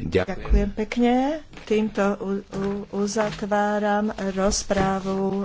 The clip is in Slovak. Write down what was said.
Ďakujem. pekne. Týmto uzatváram rozprávu